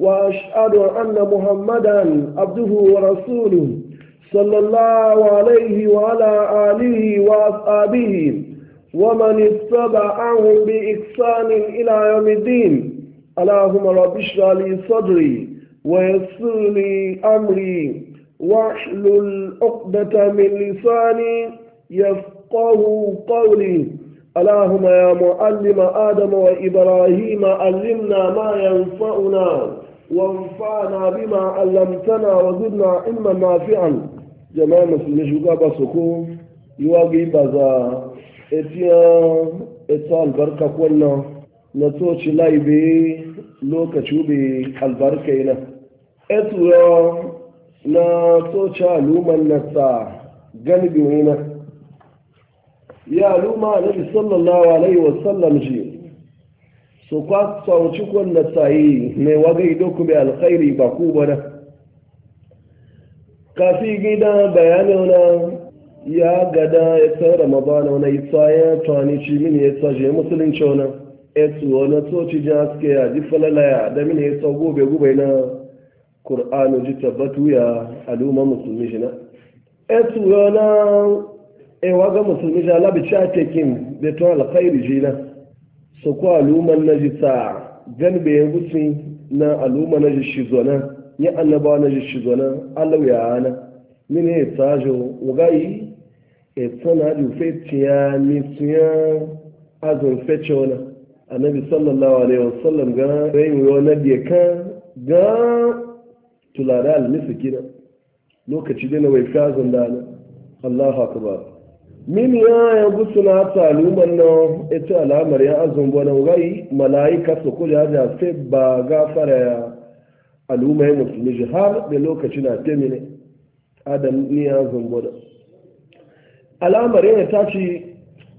وأشهد أن محمدا عبده ورسوله صلى الله عليه وعلى آله وأصحابه ومن اتبعهم بإحسان إلى يوم الدين اللهم رب اشرح لي صدري ويسر لي أمري واحلل عقدة من لساني يفقه قولي اللهم يا معلم آدم وإبراهيم علمنا ما ينفعنا وانفعنا بما علمتنا وزدنا علما نافعا جماعة مسلمين شو كابا سكو يواجي بازا اتيان اتال بركة كنا نتوش لاي بي لوكا شوبي البركة هنا اتويا نتوشا لوما نتا جنبي هنا يا لوما النبي صلى الله عليه وسلم جيل so kwa sauci kwanda sayi mai wagai doku bai alkhairi ba ku bada kafi gida bayani wani ya gada ya san ramadana wani isa ya tani ci mini ya tsaje musulunci wani etu wani soci ji haske ya ji falalaya da mini ya tsawo gobe gobe na kur'anu ji tabbatu ya al'umma musulmi shi na etu e wani ewa ga musulmi shi alabi cakekin tekin da tun alkhairi ji na su ku aluman na jita ganbe ya gutsi na aluma na ji shizona ya annaba na ji shizona ya ana mini ya tsajo wugayi ya tsana da fetiya tsiya azun fechona annabi sallallahu alaihi wasallam ga rayin yau na biya kan ga tulara almisa gida lokaci dina wai fazon dana Allahu akbar min ya ya gusuna taluman nan ita alamar ya azun wani rai mala'ika su kula da sai ba gafara ya aluma ya musulmi har da lokaci na temine adam ni ya azun wani alamar ya ta ce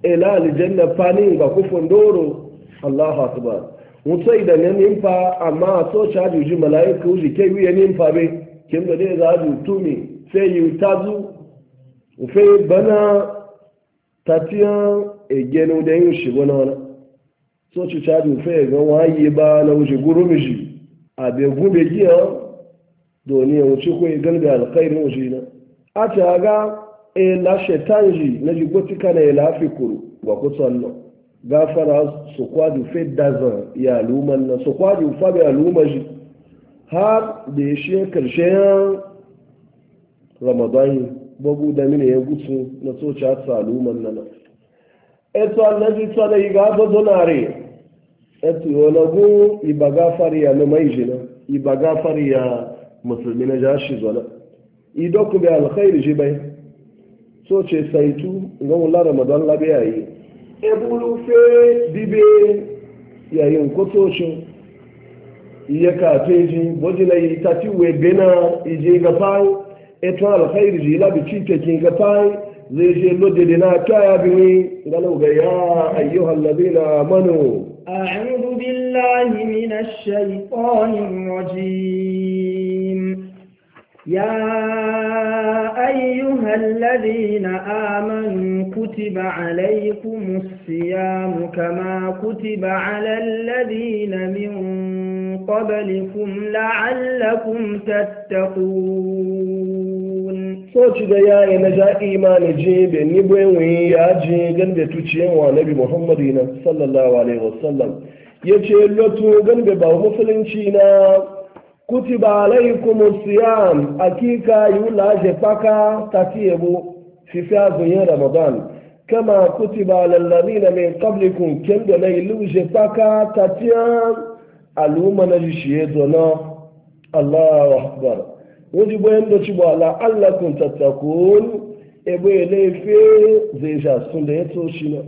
ila aljanna fani ba kufin doro allah akbar mutai da ne nimfa amma so ta juji mala'ika uji ke wiye nimfa be kin da dai za ju tumi sai ta tazu fe bana tafiya gano da yin shi wani wani so ci cajin fe ga waye ba na wuce guru mishi a bai gube giya doni ya wuce ko igan da alkhairin wuce na a ta ga e la shetan ji na ji gotika na ya e lafi kuru ga kusan nan gafara su kwadu fe dazan ya luman nan su kwadu fa ya luma ji har da ya shi karshen ramadan babu da mini ya gutsu na soci a saluman nan eto annabi tsana iga bazo nare eto yolagu ibaga fariya na mai jina ibaga fariya musulmi na jashi zola ido bi alkhairi jibai so ce saitu ga wala ramadan labe yayi ebulu fe dibe yayin kotocin iya kafeji wajina yi tati webena ije ga fawo eto alkhairi ji la bi cinke kin ga fai zai je lodde da na kaya bi ni galau ga ya ayyuhal ladina amanu a'udhu billahi minash shaitanir rajim يا أيها الذين آمنوا كتب عليكم الصيام كما كتب على الذين من قبلكم لعلكم تتقون so ci da ya yi na ja imanin ji da ni bai wani ya ji gan da yin wa nabi muhammadu na sallallahu alaihi wasallam ya ce lotu gan da ba musulunci na Kuti kutiba alaikum siyam akika wula je paka tatiyebo fi fi yin ramadan kama kuti kutiba lallani na mai kablikun kyan da na ilu je paka tatiyan al'umma na ji shi jishiye na, allahu akbar wani bayan da ci ba la'allakun tattakun ebe laife zai ja sun da ya toci na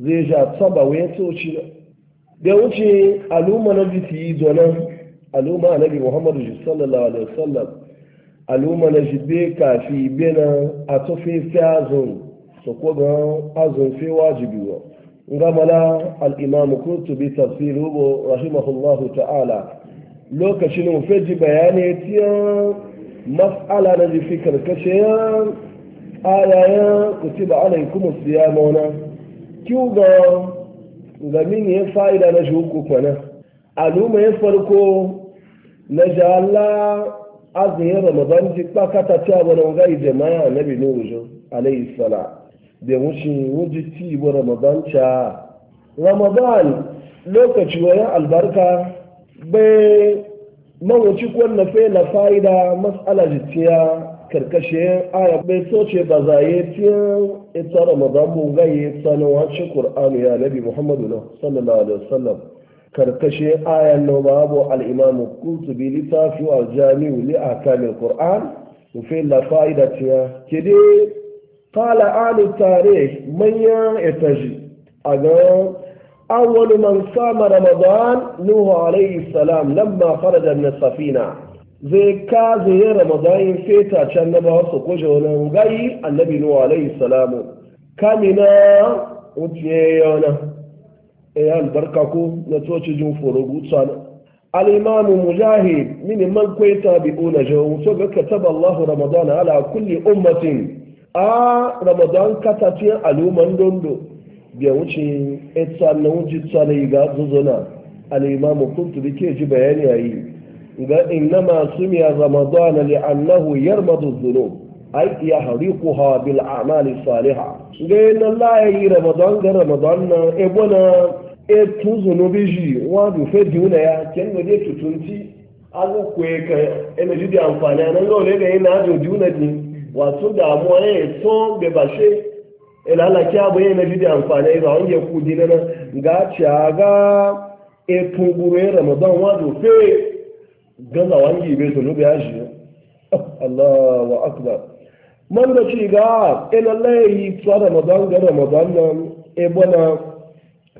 zai ja taba wa ya toci na da wuce aluma na bisi yi zonan aluma na bi muhammadu shi sallallahu alaihi wasallam aluma na shi be kafi bena a tofe fiyazun su kogon azun fe wajibi wa ngamala al'imamu kurtubi tafsiru rahimahullahu ta'ala lokacin mu feji bayani tiyan mas'ala na jifi karkashin ayayen kutiba alaikum siyamona kiu ga gamin ya fa'ida na shi hukuku na aluma ya farko na jala azumin ramadan ji kpakata ci abu na ga ijemaya annabi nuhu alayhi salam da wuce wuji ci wa ramadan ca ramadan lokaci wayan albarka bai man wuce kwanne fe na fa'ida matsala jitiya karkashe aya bai soce ba za yi tiyan ita ramadan mun gaye sanarwa shi ya nabi muhammadu na sallallahu alaihi wasallam karkashe aya na babu al'imamu kutu bi littafi wa jami'u li a kamil quran fi na fa'ida tiya kidi qala alu tare manyan etaji a ga. أول من صام رمضان نوح عليه السلام لما خرج من السفينة زي كازي رمضان فيتا كان نبا سقوجونا ونغي النبي نوح عليه السلام كامنا وتيانا يا إيه البركة نتوشي جون فروغوتسانا الإمام مجاهد من من كويت بيقول جو كتب الله رمضان على كل أمة آ آه، رمضان كتاتي ألو من دوندو ga wuce etsa na wuce yi ga zuzuna al-imamu kuntubi ke ji bayani yayi ga innama sumiya ramadan li annahu ai dhunub ay yahriquha bil a'mali salihah ga inna la yi ramadan ga ramadan na e bona e tu zunubi ji wa du fe diuna ya ken ne de tutunti azu kwe ka ene ji di amfani nan ga ole ga ina ajo diuna ni wato damuwa e so be bashe ilalaki abu yi na jide amfani ba wani ya kudi na ga ci aga etu gure ramadan wazo fe gaza wangi bai tunu ga yashi Allah wa akbar man da ci ga ilalai tsara ramadan ga ramadan nan ebona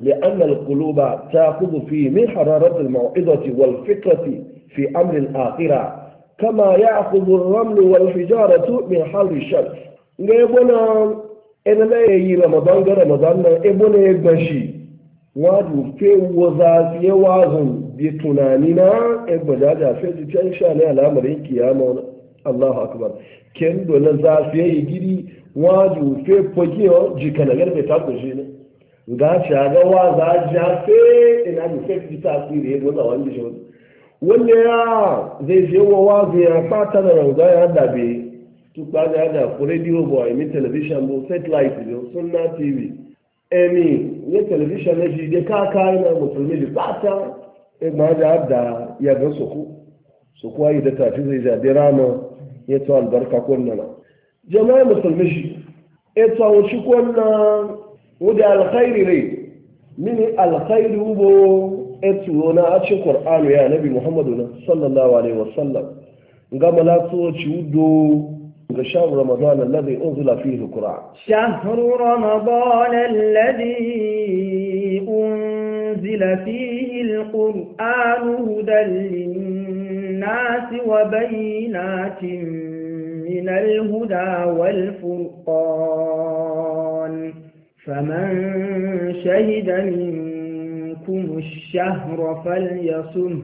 لأن القلوب تأخذ في من حرارة الموعظة والفكرة في أمر الآخرة كما يأخذ الرمل والحجارة من حر الشمس. ina la yi ramadan ga ramadan na ebo ne gashi wadu fe waza fiye wazun bi tunani na ebo da da fe ji can sha ne al'amarin kiyama Allahu akbar ken dole za su yi giri wadu fe pokiyo jikana garbe ta kushi ne ga shaga waza ja fe ina ni fe ji ta tsire ebo da wanda shi wanda ya zai je wa wazu ya fata da rauga ya dabe tukpa ga da ko radio boy mi television bo satellite bo sunna tv emi ne television ne ji de ka ka na musulmi e ma da da ya ga soku soku ayi da ta zai da dirama ya to albarka kunna na jama'a musulmi ji e to o shi kunna o alkhairi ne mini alkhairi bo e to na a cikin Muhammadu ya nabi muhammadu sallallahu alaihi wasallam ngama la so ci do شهر رمضان الذي أنزل فيه القرآن شهر رمضان الذي أنزل فيه القرآن هدى للناس وبينات من الهدى والفرقان فمن شهد منكم الشهر فليصمه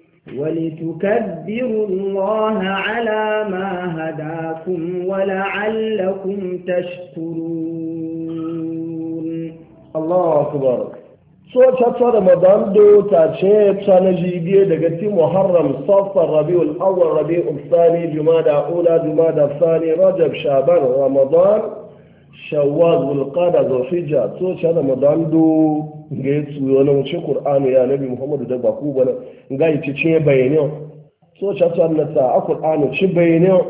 ولتكبروا الله على ما هداكم ولعلكم تشكرون الله أكبر سوى شهر رمضان دو تاتشيب شان جيبية دقتي محرم صف الربيع الأول ربيع الثاني جمادة أولى جمادة الثاني رجب شابان رمضان شوال القادة ذو حجة سوى شهر رمضان دو nga ya tsuyo na wuce ƙur'anu ya nabi muhammadu da baku bana ga yi ci ce bayaniyo so ca su annata a ƙur'anu ci bayaniyo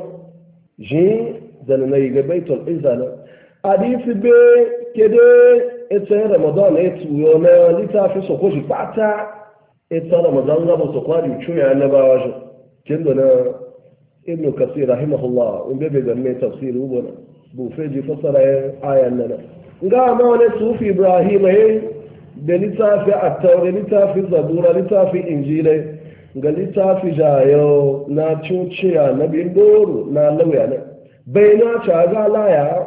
je zana na yi ga baitul izana hadisi be kede ita ramadan ya tsuyo na littafi su ko shi bata ita ramadan gaba su kwari ya na bawa shi kin da na ibnu kasir rahimahullah in bebe zanne tafsiri ubana bufeji fasara ayan nan ga ma wani sufi ibrahim yayi e, da littafi attaure littafi zabura littafi injilai ga littafi jayo na cuciya na bindoro na lauya na bai na caga laya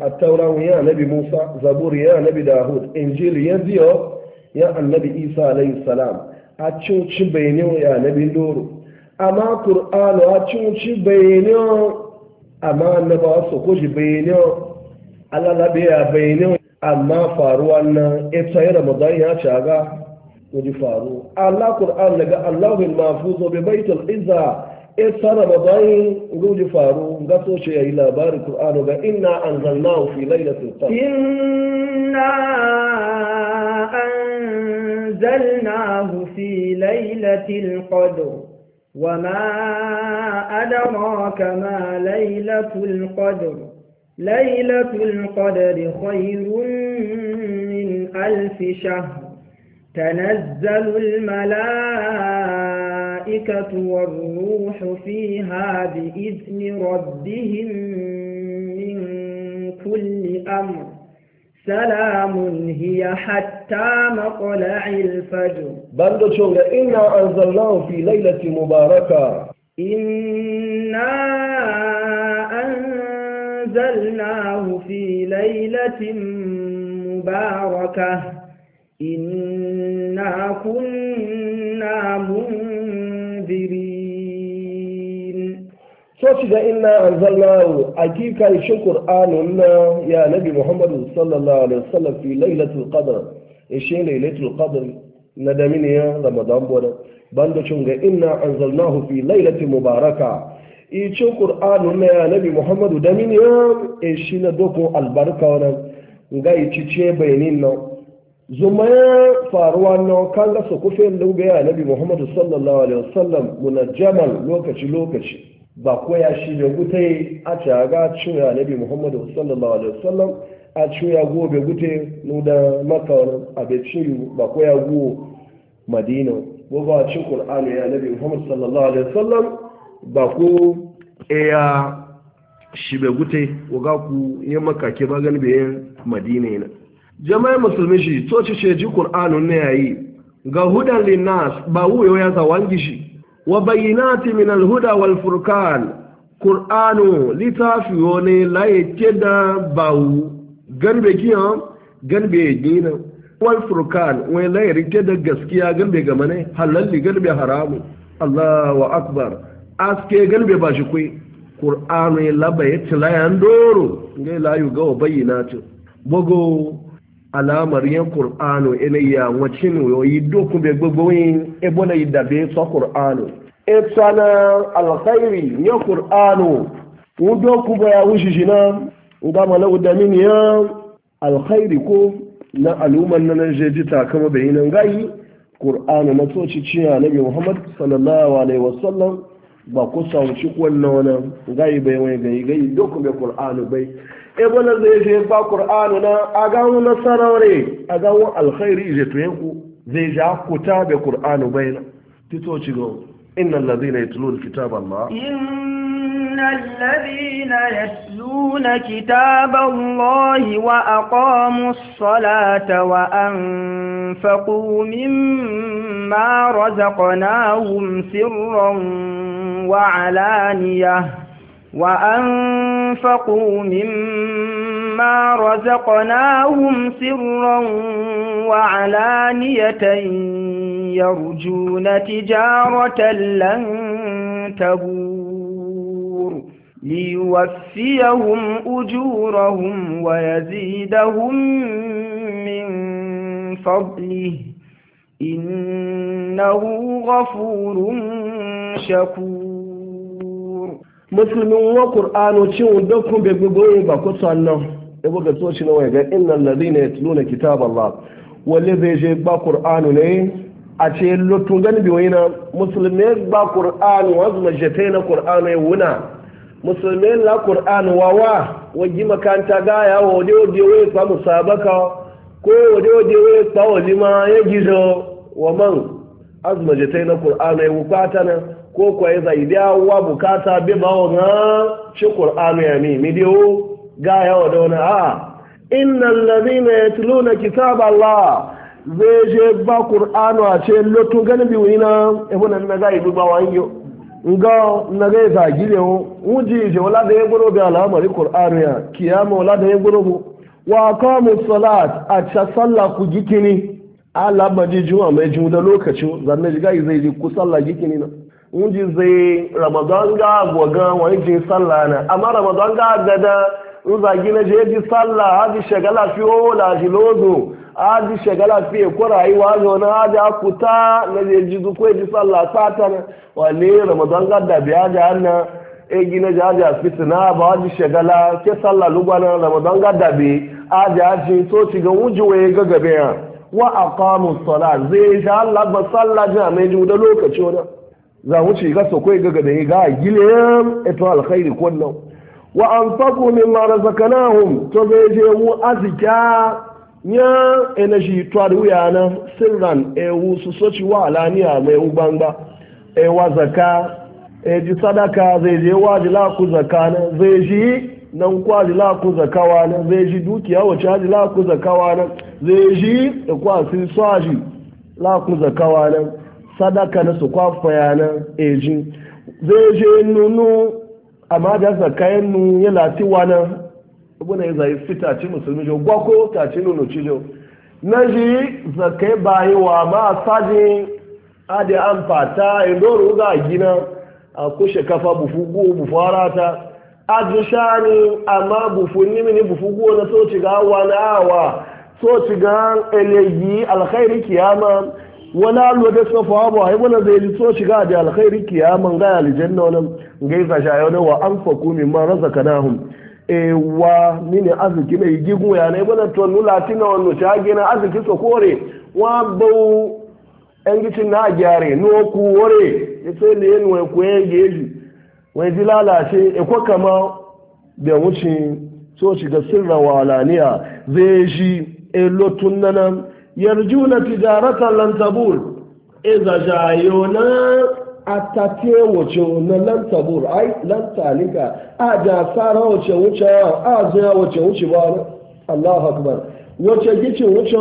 attaura ya nabi musa zabur ya nabi dahud injil ya ziyo ya annabi isa alayhi salam a cuci bai ya nabi doro amma qur'anu a cuci bai amma annabawa su kuji bai ne alalabe ya bai amma faruwa nan ita yi ramadan ya caga wani faru allah kur'an daga allahun mafuzo bai baitul izza ita ramadan wani faru ga so ce yayi labarin kur'an ga inna anzalnahu fi lailatul qadr inna anzalnahu fi lailatul qadr وما أدراك ما ليلة القدر ليلة القدر خير من ألف شهر تنزل الملائكة والروح فيها بإذن ربهم من كل أمر سلام هي حتى مطلع الفجر بندو شونغ إنا أنزلناه في ليلة مباركة إنا أنزلناه في ليلة مباركة إنا كنا منذرين ذا إنا أنزلناه أكيكا الشكر آن يا نبي محمد صلى الله عليه وسلم في ليلة القدر إيش ليلة القدر ندمني يا رمضان بولا بندشنغ إنا أنزلناه في ليلة مباركة ice ƙur'anu na ya nabi muhammadu da min ya e shi na dokun albarka wani ga ici ce bayanin nan zuma ya faruwa nan kan ga su kufe luga ya nabi muhammadu sallallahu alaihi wasallam munajjamal lokaci lokaci ba ko ya shi ne gute a caga cin ya nabi muhammadu sallallahu alaihi wasallam a cin ya gobe gute nuda maka wani abin ba ko ya go madina Gobe ba cin ƙur'anu ya nabi muhammadu sallallahu alaihi wasallam ba ko ya shi bai gute waga ku yin makake ba gani bayan madina yana jama'in musulmi shi to ci ce ji qur'anun ne yayi ga hudan linnas ba wuyo ya zawangi shi wa bayyinati min alhuda wal Furkan qur'anu litafiyo ne laye ke da bawu garbe kiyan garbe gina wal furkan wani laye rike da gaskiya garbe ga halalli garbe haramu Allahu akbar aske galbe ba shi kwai ƙur'anu ya laba ya ci layan doro ngai layu gawa bayyana ta bugu alamar yin ƙur'anu ina ya wacin yi dokun bai gbogbo yin ebo na yi dabe sa ƙur'anu ita e na alkhairi yin ƙur'anu wudo ku baya wushi shi na ga mana ya alkhairi ko na al'umman na nan jeji takama bayinan gayi ƙur'anu na toci ciya nabi muhammad sallallahu alaihi wasallam ba ku sauci shi wannan wani gayi bai wani gayi gayi duk mai qur'anu bai e bana zai je ba qur'anu na a ga wani nasarare a ga alkhairi zai tuye ku zai ja ku ta bai qur'anu bai na tito ci ga na ladina yatluna kitaba allah إن الذين يتلون كتاب wa an fakomin ma مما رزقناهم سرا وعلانية وأنفقوا مما رزقناهم سرا وعلانية يرجون تجارة لن تبور ليوفيهم أجورهم ويزيدهم من فضله إنه غفور شكور musulmin wa qur'ano cin dokun be gogoyin ba ko sannan e boga to shi nawa ga innal ladina yatluna kitaballah walle zai je ba qur'ano ne a ce lotun gani bi wayna musulmi ba qur'ano wazma jataina qur'anu ya wuna musulmi la wa wawa waji makanta ga ya wode de wai fa musabaka ko wode wode wai fa walima ya gizo wa man azma jataina qur'anu ya wukatana ko kuwa ya zai da wa bukata bi ma wa shi qur'anu ya mi mi dio ga ya wa dona a innal ladhina yatluna kitaba allah zai je ba qur'anu a ce lotu gani bi wina e bona na ga ibu ba wanyo nga na ga za gile o uji je wala da ya goro bi al'amari qur'anu ya kiyama wala da ya goro mu wa aqamu salat a cha sallah ku gikini ala majiju a mai da lokaci zanne ga zai ji ku sallah gikini na unji zai ramadan ga gwaga wani jin sallah na amma ramadan ga gada in zagi na je ji sallah haji shagala fi ola shi lozo haji shagala fi e ko rayuwa ga wani haji akuta na je ji zukwai e ji sallah sata na wani ramadan ga da biya da hannu e gina ji haji asibitina ba haji shagala ke sallah lugwana ramadan ga da bi haji haji to ci ga wujewa ga gabe ya wa aqamu salat zai sha Allah ba sallah jami'in da lokaci wani za mu ci gasa kai ga da ga gilen eto alkhairi kullu wa anfaqu mimma razaqnahum to be je mu azika nya energy to adu ya na sirran e wu su so ci wa alaniya mai u gbangba e wa zaka e ji sadaka zai je wa la ku zakana zai ji nan kwa la ku zakawa na zai ji dukiya ji la ku zakawa na zai ji e kwa sai swaji la ku zakawa na sadaka na su kwafaya na eji zai je nunu amma da zakayen nu ya latiwa na abu na zai fita ci musulmi jo gwako ta ci nunu ci jo na ji zakai bayi wa ma saji adi an fata indoro e ga gina a kushe kafa bufu go bufu harata ajisha ni amma bufu ni mini bufu go na so ci ga awa na awa so ci ga eleyi alkhairi kiyama Wani lo da safa ba ai wala zai ji so shiga da alkhairi kiyaman ga aljanna wannan ngai sa sha yau wa anfaqu mimma razaqnahum e wa ni ne aziki mai gigun ya ne wala to nula tina wannan shage na aziki so kore wa bau en gicin na gyare no ku wore yace ne yin wai ku yage shi wai ji lalace e ko kama da wuce so shiga sirra walaniya zai shi e lotun nanan yarjuna tijaratan lan tabur iza na. atate wace na lan tabur ai lan talika a da fara wace wuce a zuya wace wuce ba Allahu akbar wace gice wuce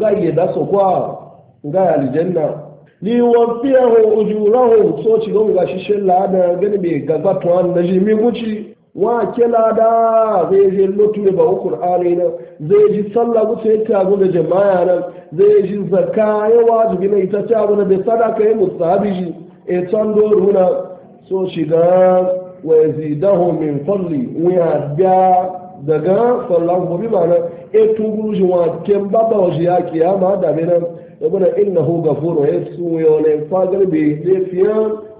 ga yi da su kwa ga aljanna li wafiyahu ujurahu so ci gon ga shi shin lada gani be gabatuwa na jimi guci wa kila da zai je lutu ba qur'ani na zai ji sallah wuce ya tagu da jama'a nan zai ji zaka ya wajibi na ita tagu na bai sadaka ya musabi shi e can doruna so shiga wa yazidahu min wuya biya daga sallan gobe ma nan e tugu shi wa ken baba wa shi ya kiyama da bi nan ya bada innahu gafuru ya su ya wani fagar bai zai fiye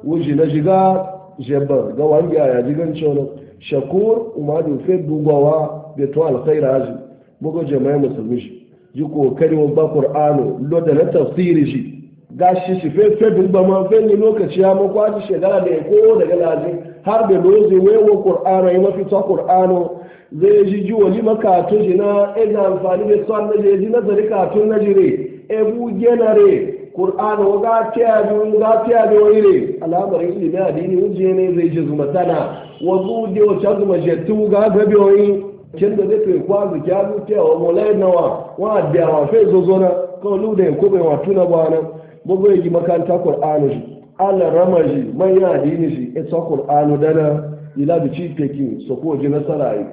wuce na shiga jebar ga wangiya ya jigan cewa shakur umadu fe dugawa bai to alkhaira aji buga jama'a musulmi shi yi kokari wa ba qur'anu lo da na tafsiri shi gashi shi fe fe dun ba ma fe ni lokaci ya mako aji shekara da ko daga lazi har da lozi wewo qur'anu yi mafi ta qur'anu zai ji ji wani makatu shi na ina e, amfani da son na je ji nazari katun na jire ebu genare qur'anu wa ga tiya bi ga tiya bi wani ne al'amarin ilimi addini uje ne zai ji zuma tana wa zuje wa zuma jetu ga gabe wani kenda zetu ikwazi kyalu kya omulaina wa wadde awafeezo zona koluda enkobe watuna bwana bogo egi makanta qur'anu ji ala ramaji man ya dini ji etsa qur'anu dana ila bi cipeki so ko ji nasara yi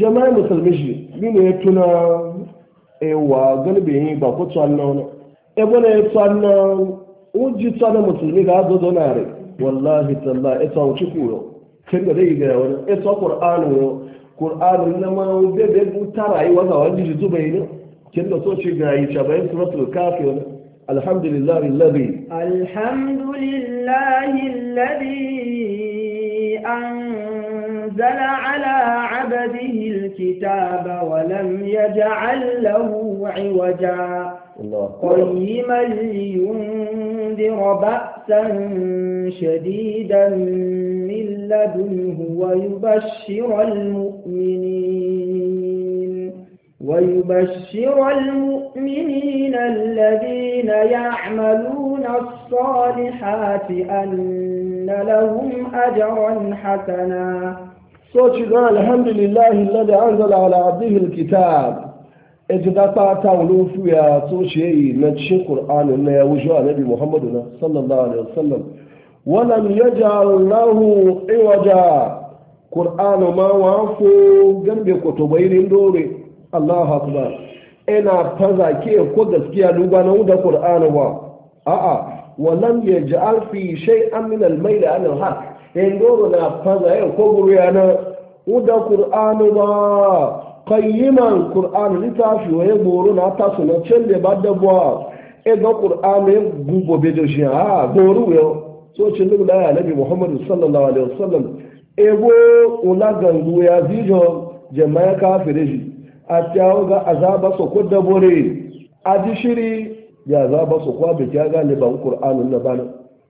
jama'a musulmi shi. mino ya tuna wa galibi yin ba ko tsan tsanna wani ebo na ya tsanna uji tsanna musulmi ga azozo na re wallahi talla etsa wuci kuro kenda yi ga wani etsa qur'anu قران لما ودي بيد ترى اي وضع عندي زبين كنت صوت شي جاي شباب سوره الكافر الحمد لله الذي الحمد لله الذي انزل على عبده الكتاب ولم يجعل له عوجا قيما لينذر بأسا شديدا من لدنه ويبشر المؤمنين ويبشر المؤمنين الذين يعملون الصالحات أن لهم أجرا حسنا صوت الحمد لله الذي أنزل على عبده الكتاب ejida wani wulufu ya toshe yi na cikin ƙur'anin na ya wuce wa nabi muhammadu na sallallahu alaihi wasallam wannan ya ja lahu iwaja ƙur'anu ma wa fu gambe kutubainin dore allahu akbar ina faza ke ko gaskiya duba na wuda ƙur'anu ba a'a wannan ya ji alfi shai amin almai da anan har in doro na faza ya ko guriya na wuda ƙur'anu ba qayyiman qur'an litafi wa yaburu na ta na celle ba da bo e ga qur'an ne gubo be do shi ha goru yo so cin lu la nabi muhammad sallallahu alaihi wasallam e go ula gangu ya zijo jama'a kafire shi a ga azaba so ko da bore a ji shiri ya azaba so kwa be ga ne ban na bana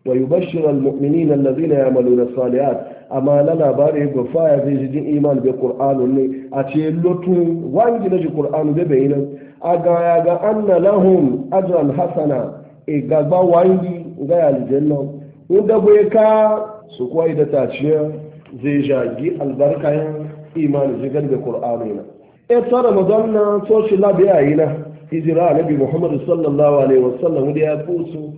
wa yubashshiru muminina alladhina ya'maluna as salihat amma na labari ga faya zai ji jin iman bai qur'anu ne a ce lotu wangi na ji qur'anu bai bai nan a ga ya ga anna lahum hasana e ga wangi ga nan inda bai ka su koyi da taciya zai jagi albarka yan iman ji bai kur'anu ne. e tsara madanna so shi labiya yi na hijira nabi muhammad sallallahu alaihi wasallam da ya fusu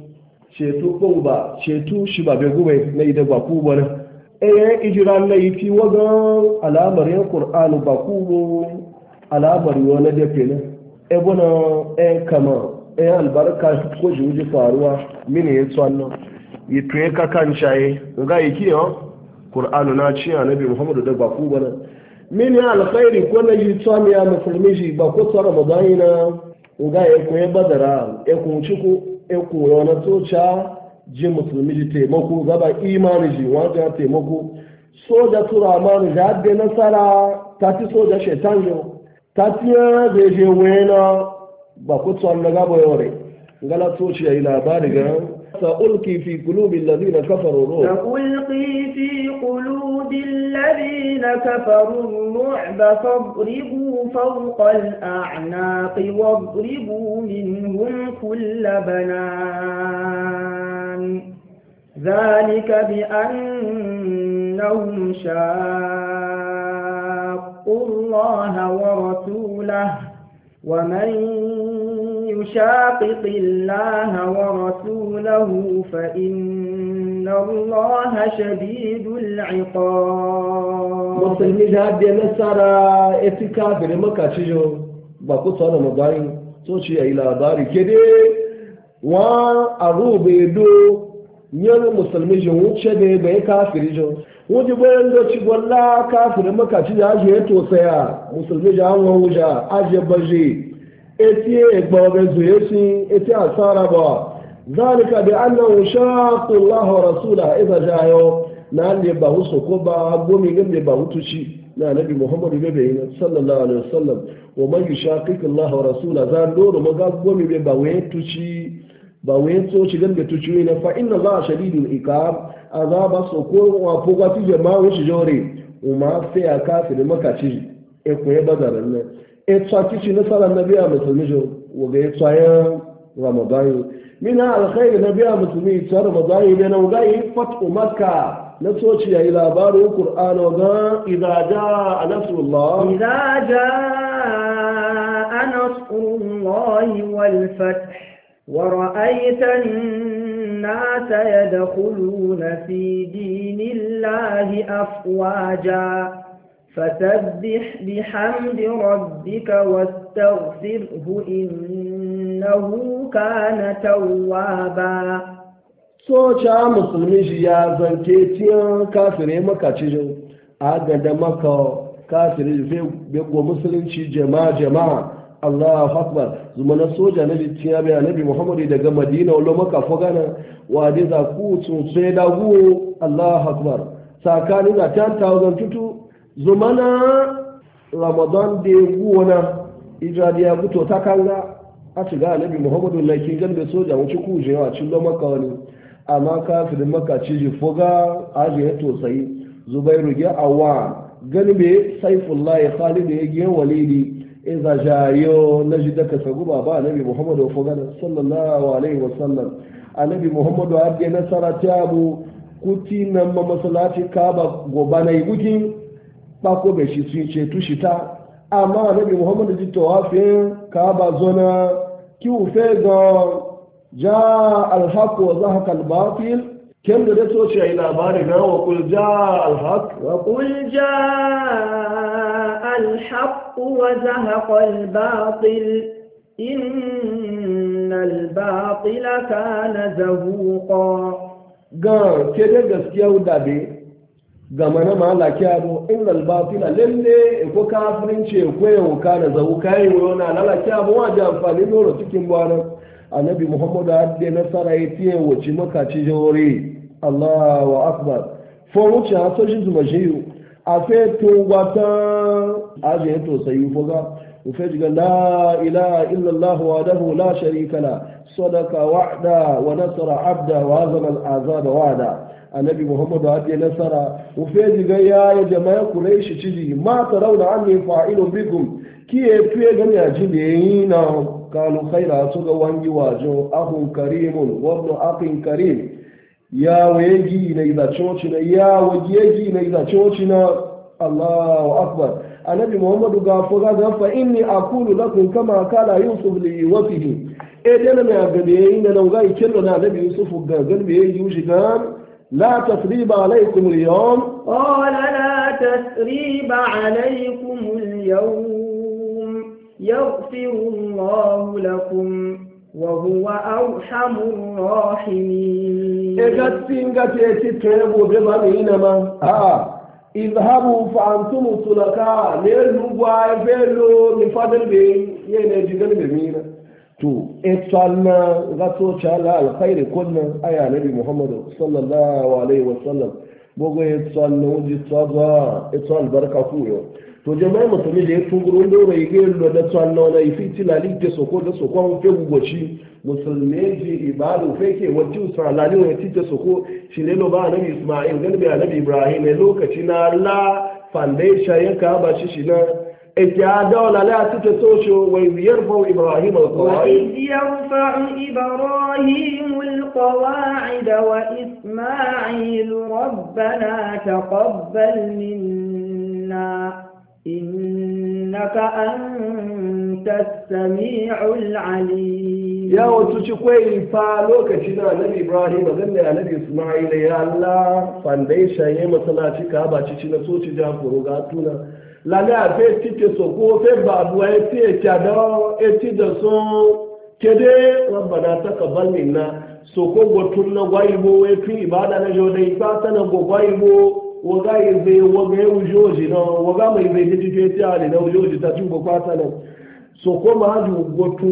ceto ko ba ceto shi ba bai gube na idan ba ku ba eh ijira laifi wagan al'amarin qur'anu ba kubo al'amari wani da fina eh, ebuna eh kama eh albarka ko juji faruwa mini ya tsanno yi tuye kakan shaye ga yi kiyo qur'anu na ci annabi muhammadu da ba kubo na mini alkhairi ko na yi tsanni ya musulmi shi ba ko tsara na. ga ya koyi badara ya eh, kunci ko ya eh, koyi wani tsoca je musulmi ji taimako gaba imani ji wajen taimako soja turamani ga abin nasara ta ci soja shaitan yau ta ci zai je wena ba ku tsohon na gaba yau rai gala toci ya yi labari ga سألقي في قلوب الذين كفروا الرعب سألقي في قلوب الذين كفروا الرعب فاضربوا فوق الأعناق واضربوا منهم كل بنان الرحمن ذلك بأنهم شاقوا الله ورسوله ومن يشاقق الله ورسوله فإن الله شديد العقاب musulmi da haɗe nasara etika da maka cijo ba ku tsara magani so ci ya labari ke wa arube do nyere musulmi jin wuce ne ga ya kafiri jin wuce bayan da ci gwalla maka makaci da ajiye to saya musulmi jin awon wuja ajiye baje eti egba be zuye si eti asara ba zalika bi annahu shaqqa Allah wa rasula idza jayo na le ba hu soko ba gomi ga le ba hutu shi na nabi muhammadu be be sallallahu alaihi wasallam wa man yushaqiq allah wa rasula za doro maga gomi e e be ba we tuci ba we so ci gambe tuci ne fa inna za shadidul iqab azaba soko wa fuga ti je ma we jore ma fe aka fi makaci e ko e bazaran ne e tsaki shi na sallan nabi a musulmi jo wa ga e tsayan ramadan min al khair nabi a musulmi tsar ramadan ne na ga yi e fatu makka نتوجه إلى قرآن القرآن إذا جاء نصر الله إذا جاء نصر الله والفتح ورأيت الناس يدخلون في دين الله أفواجا فسبح بحمد ربك واستغفره إنه كان توابا soja musulmi shi ya zanke tiyan kafirai makaci jin agada maka kafirai zai bego musulunci jama'a jama'a Allah akbar zuma na soja na tiya bai nabi Muhammadu daga Madina wala maka fogana wa dai za ku tun sai da gu Allah akbar tsakanin da 10000 tutu zuma na Ramadan da na ijadi ya guto ta kanga a shiga nabi Muhammadu lakin gan da soja wani ci ku je wa cin lomaka wani amma kafirin makaci ciji foga aje ya tosai zubairu ya awa gani be saifullahi khalid ya ge walidi iza jayo na ji daga sagu ba annabi muhammadu foga sallallahu alaihi wasallam annabi muhammadu abdi nasara ta abu kuti na mamasalaci kaba gobanai gukin bako bai shi sun ce tushita amma annabi muhammadu ji tawafin kaba zona kiwu fe ga ja alhaq wa zahaqa albatil kin da to ce ai labari ga wa kul ja alhaq wa kul ja alhaq wa zahaqa albatil innal batila kana ga ke da gaskiya da be gama na malaki abu inda albatila ko kafirin ce ko yau kana zahu kai wona lalaki abu da amfani dole cikin bwana annabi muhammadu hadde nasara ya fiye wace makaci jawore allah wa akbar fawuce a sashin zuma shi a fe to wata ajiye to fuga وفجأة لا إله إلا الله وحده لا شريك له صدق وعدا ونصر عبدا وهزم الأعزاب وعدا النبي محمد هدي نصر وفجأة يا جماعة قريش تجي ما ترون عني فاعل بكم كي يفيد من أجل كانوا خيرا تغوى يواجو أخ كريم وابن أخ كريم يا ويجي إذا تشوشنا يا ويجي إذا تشوشنا الله أكبر النبي محمد قال فغذا فإني أقول لكم كما قال يوسف لي لوفه إذن إيه ما أقبئين لو غاي كلنا نبي يوسف قال يوشكان لا تسريب عليكم اليوم قال لا تسريب عليكم اليوم يغفر الله لكم وهو أرحم الراحمين إغتسين قتيتي تنبو بمامينما آه اذهبوا فأنتم سلكاء للنبوة فيلو من فضل بي يلي جدل بمينة تو اتسالنا غطو شالا الخير كنا أي نبي محمد صلى الله عليه وسلم بغي اتسالنا وجي اتسال بركة فويو to jama'a musulmi da ya tunguru wanda ya rage yalwa da tsanna wani ifi tilali ke soko da soko an fe gugoci musulmi ji ibadu fake wacce tsanani wani tita soko shi ne ba anabi ismail gani bai anabi ibrahim ne lokaci na la foundation ya ka ba shi shi na ake adawa la tike socio wai yarfa ibrahim al-kawai wa alqawaid yarfa ibrahim al-kawai wa ismail rabbana taqabbal minna innaka antas sami'ul alim ya wato ci kwai fa lokacin da annabi ibrahim zan da annabi isma'ila ya allah foundation ya masallaci ka ba ci na so ci jafuru ga tuna lana a fe tite so ko fe babu ya fi da e da so kede rabbana taqabbal minna so ko gotun na gwaibo ya e fi ibada na jodai fa sana go gwaibo waga ya zai waga wujoji na waga mai zai ta jife ta ne na wujoji ta cin gwakwa nan so ko ma haju gotu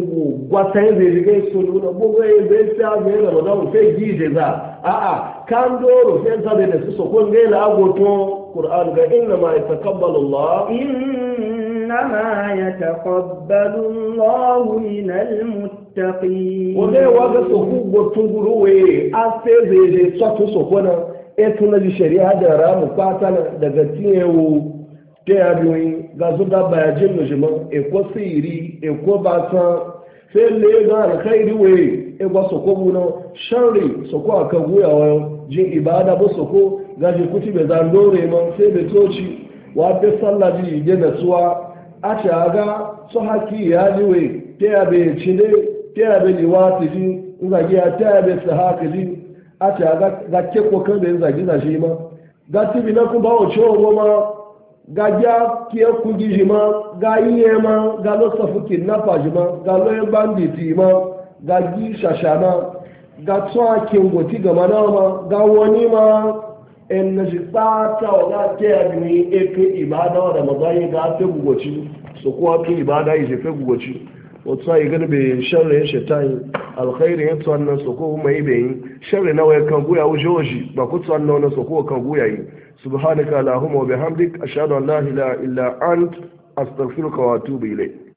gwata ya zai zai so nuna bugu ya zai ta zai na maza mu sai gije za a a kan doro sai ta da su so ko ngai la goto kur'an ga inna ma yataqabbalu allah إنما يتقبل الله من المتقين. وده واجه سكوب وتنقلوا إيه أستاذ إيه سكوب سكوب etu na ji shari'a da ramu kwata daga tiyewo e e ta ya biyoyi ga su da baya jin nujiman ekwa siri ekwa basa sai le ga alkhairi we ekwa soko buna shari soko aka guya wayo jin ibada bu soko ga ji kuti be zan dore man sai be toci wa be sallah ji je da suwa a ta ga su haki ya ji we ta ya be cile ta ya be liwati ji ga ya ta ya be sahaka ji a ce ga ke kokan da yin ma ga bi na kuma bawa ciwo goma ga ja ke kugi ma ga iye ma ga lo safuki na faji ma ga lo yin ma ga gi shasha ma ga tsoa kengoti na ma ga wani ma in na shi tsata wa ga ke ya gini eke ibada wa da mazayi ga fe gugoci su kuwa ke ibada ya fe gugoci wasu a igar bai sharri ya shaitan alkhairi ya tsuwan nan su kuma mai bai yi sharri na waya kan guya wuce wuce ba ku tsuwan nan su ko kan guya yi subhanaka allahumma wa bihamdik ashhadu an la ilaha illa ant astaghfiruka wa atubu ilayk